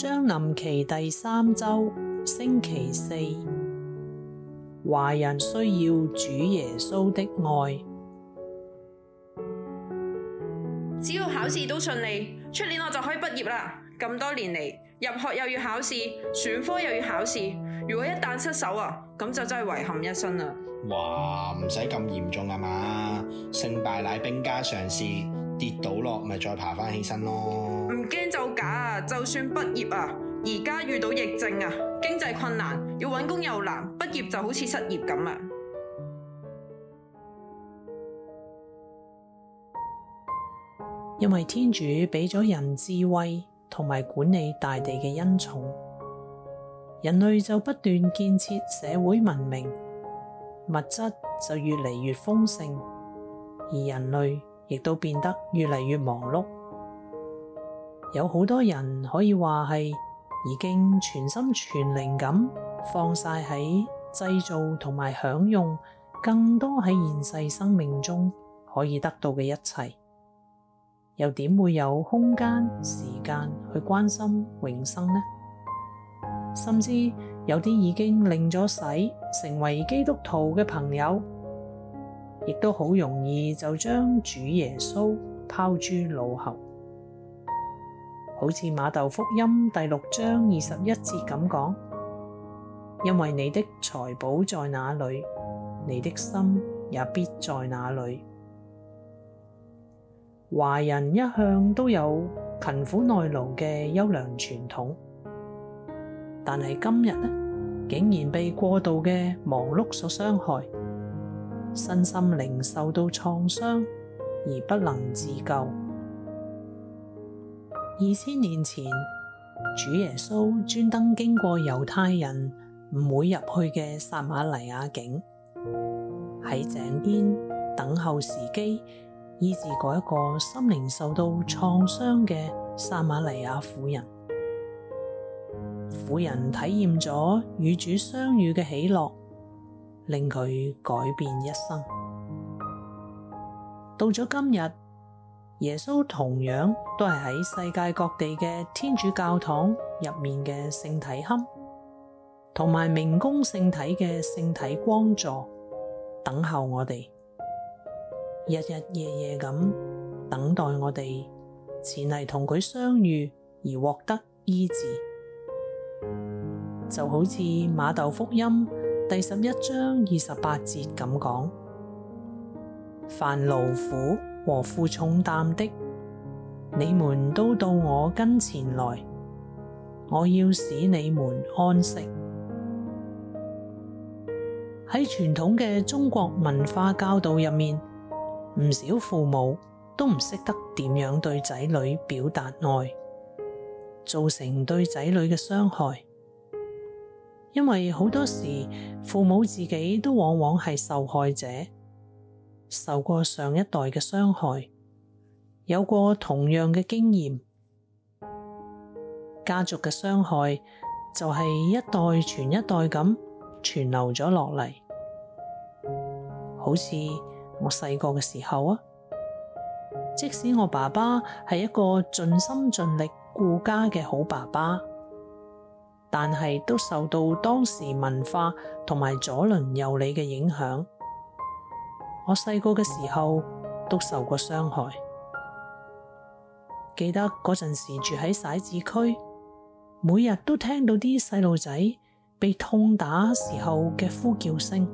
將臨期第三周星期四，華人需要主耶穌的愛。只要考試都順利，出年我就可以畢業啦。咁多年嚟，入學又要考試，選科又要考試，如果一旦失手啊，咁就真係遺憾一生啦。哇，唔使咁嚴重啊嘛，勝敗乃兵家常事，跌倒咯咪再爬返起身咯。唔驚就假啊！就算畢業啊，而家遇到疫症啊，經濟困難，要搵工又難，畢業就好似失業咁啊！因為天主俾咗人智慧同埋管理大地嘅恩寵，人類就不斷建設社會文明，物質就越嚟越豐盛，而人類亦都變得越嚟越忙碌。有好多人可以話係已經全心全靈咁放晒喺製造同埋享用，更多喺現世生命中可以得到嘅一切，又點會有空間時間去關心永生呢？甚至有啲已經領咗洗成為基督徒嘅朋友，亦都好容易就將主耶穌拋諸腦後。好似馬竇福音第六章二十一節咁講，因為你的財寶在哪裡，你的心也必在哪裡。華人一向都有勤苦耐勞嘅優良傳統，但係今日呢，竟然被過度嘅忙碌所傷害，身心靈受到創傷而不能自救。二千年前，主耶穌專登經過猶太人唔會入去嘅撒瑪黎雅境，喺井邊等候時機，醫治過一個心靈受到創傷嘅撒瑪黎雅婦人。婦人體驗咗與主相遇嘅喜樂，令佢改變一生。到咗今日，耶穌同樣都係喺世界各地嘅天主教堂入面嘅聖體龕，同埋明供聖體嘅聖體光座等候我哋，日日夜夜咁等待我哋前嚟同佢相遇而獲得醫治，就好似馬竇福音第十一章二十八節咁講，凡勞苦。和負重擔的，你們都到我跟前來，我要使你們安息。喺傳統嘅中國文化教導入面，唔少父母都唔識得點樣對仔女表達愛，造成對仔女嘅傷害。因為好多時，父母自己都往往係受害者。受過上一代嘅傷害，有過同樣嘅經驗，家族嘅傷害就係一代傳一代咁傳流咗落嚟。好似我細個嘅時候啊，即使我爸爸係一個盡心盡力顧家嘅好爸爸，但係都受到當時文化同埋左鄰右里嘅影響。我細個嘅時候都受過傷害，記得嗰陣時住喺徙置區，每日都聽到啲細路仔被痛打時候嘅呼叫聲，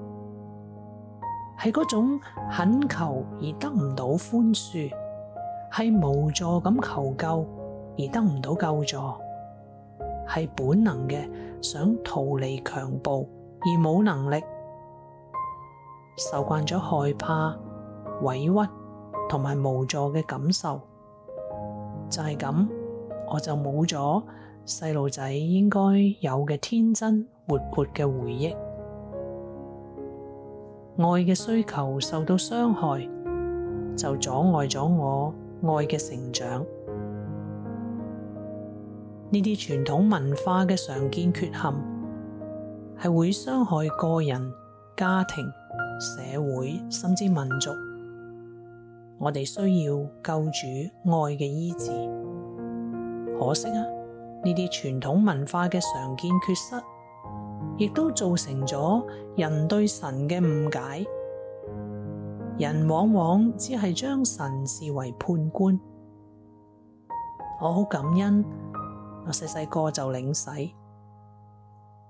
係嗰種懇求而得唔到寬恕，係無助咁求救而得唔到救助，係本能嘅想逃離強暴而冇能力。受慣咗害怕、委屈同埋無助嘅感受，就係咁，我就冇咗細路仔應該有嘅天真活潑嘅回憶。愛嘅需求受到傷害，就阻礙咗我愛嘅成長。呢啲傳統文化嘅常見缺陷，係會傷害個人、家庭。社會甚至民族，我哋需要救主愛嘅醫治。可惜啊，呢啲傳統文化嘅常見缺失，亦都造成咗人對神嘅誤解。人往往只係將神視為判官。我好感恩，我細細個就領洗，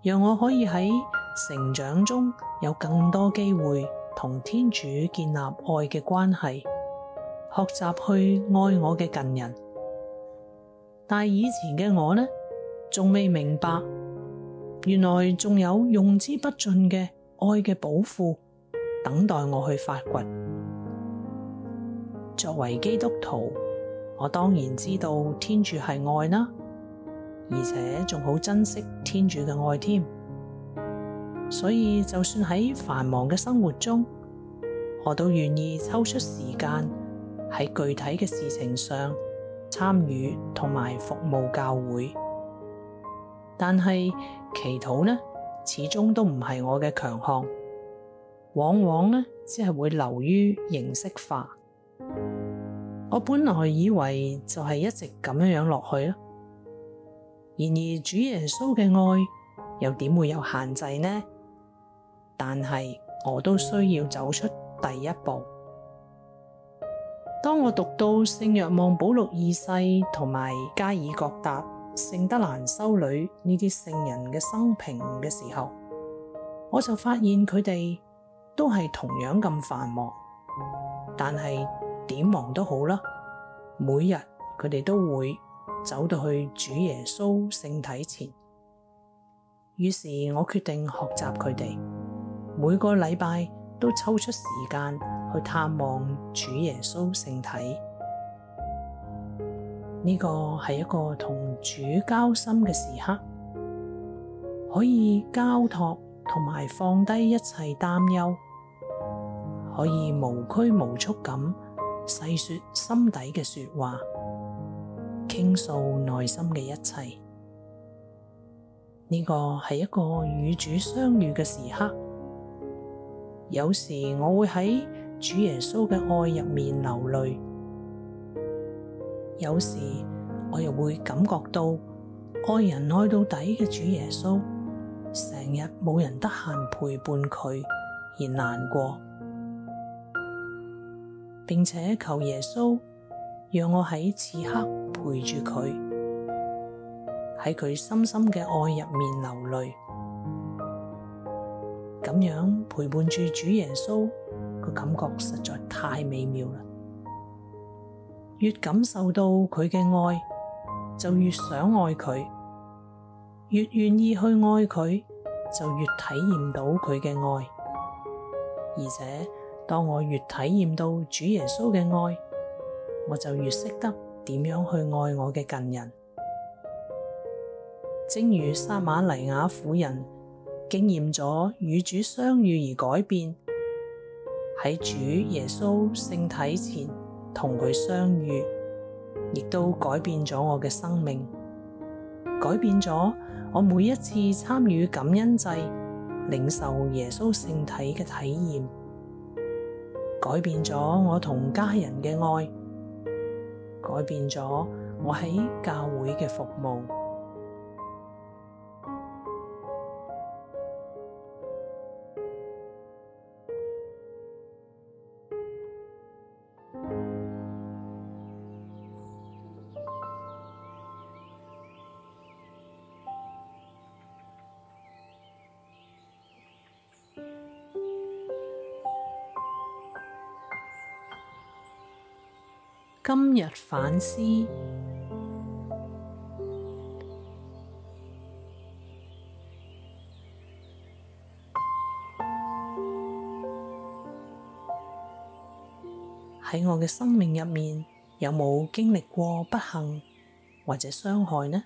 讓我可以喺成長中有更多機會同天主建立愛嘅關係，學習去愛我嘅近人。但以前嘅我呢，仲未明白，原來仲有用之不盡嘅愛嘅寶庫等待我去發掘。作為基督徒，我當然知道天主係愛啦，而且仲好珍惜天主嘅愛添。所以就算喺繁忙嘅生活中，我都願意抽出時間喺具體嘅事情上參與同埋服務教會。但係祈禱呢，始終都唔係我嘅強項，往往呢，只係會流於形式化。我本來以為就係一直咁樣樣落去咯。然而主耶穌嘅愛又點會有限制呢？但係，我都需要走出第一步。當我讀到聖若望保祿二世同埋加爾各答聖德蘭修女呢啲聖人嘅生平嘅時候，我就發現佢哋都係同樣咁繁忙，但係點忙都好啦。每日佢哋都會走到去主耶穌聖體前。於是，我決定學習佢哋。每個禮拜都抽出時間去探望主耶穌聖體，呢個係一個同主交心嘅時刻，可以交託同埋放低一切擔憂，可以無拘無束咁細說心底嘅說話，傾訴內心嘅一切。呢個係一個與主相遇嘅時刻。有時我會喺主耶穌嘅愛入面流淚，有時我又會感覺到愛人愛到底嘅主耶穌，成日冇人得閒陪伴佢而難過，並且求耶穌讓我喺此刻陪住佢，喺佢深深嘅愛入面流淚。咁樣陪伴住主耶穌，個感覺實在太美妙啦！越感受到佢嘅愛，就越想愛佢；越願意去愛佢，就越體驗到佢嘅愛。而且，當我越體驗到主耶穌嘅愛，我就越識得點樣去愛我嘅近人，正如撒瑪黎雅婦人。經驗咗與主相遇而改變，喺主耶穌聖體前同佢相遇，亦都改變咗我嘅生命，改變咗我每一次參與感恩祭、領受耶穌聖體嘅體驗，改變咗我同家人嘅愛，改變咗我喺教會嘅服務。今日反思。喺我嘅生命入面，有冇經歷過不幸或者傷害呢？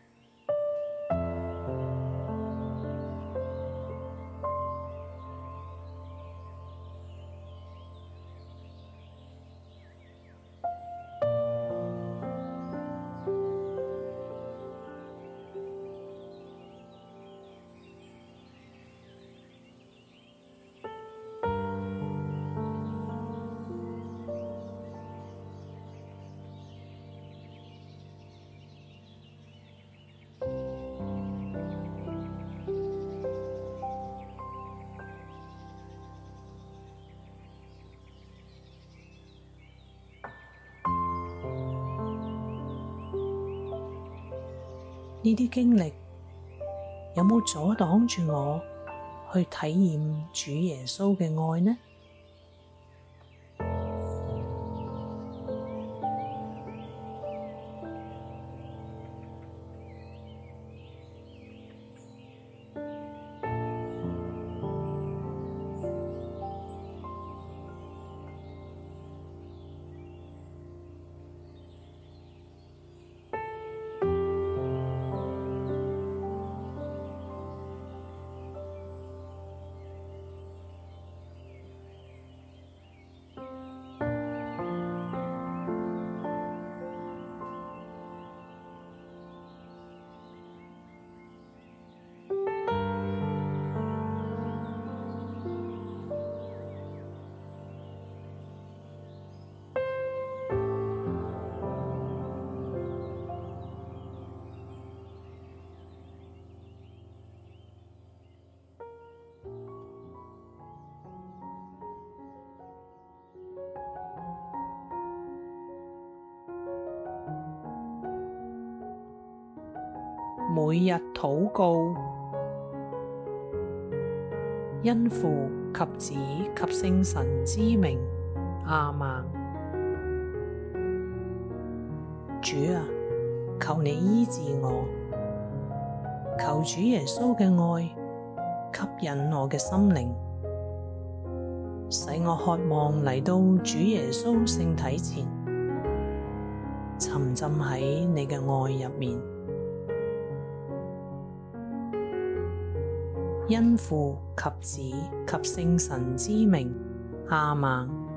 呢啲經歷有冇阻擋住我去體驗主耶穌嘅愛呢？每日禱告，因父及子及聖神之名，阿們。主啊，求你醫治我，求主耶穌嘅愛吸引我嘅心靈，使我渴望嚟到主耶穌聖體前，沉浸喺你嘅愛入面。因父及子及聖神之名，阿們。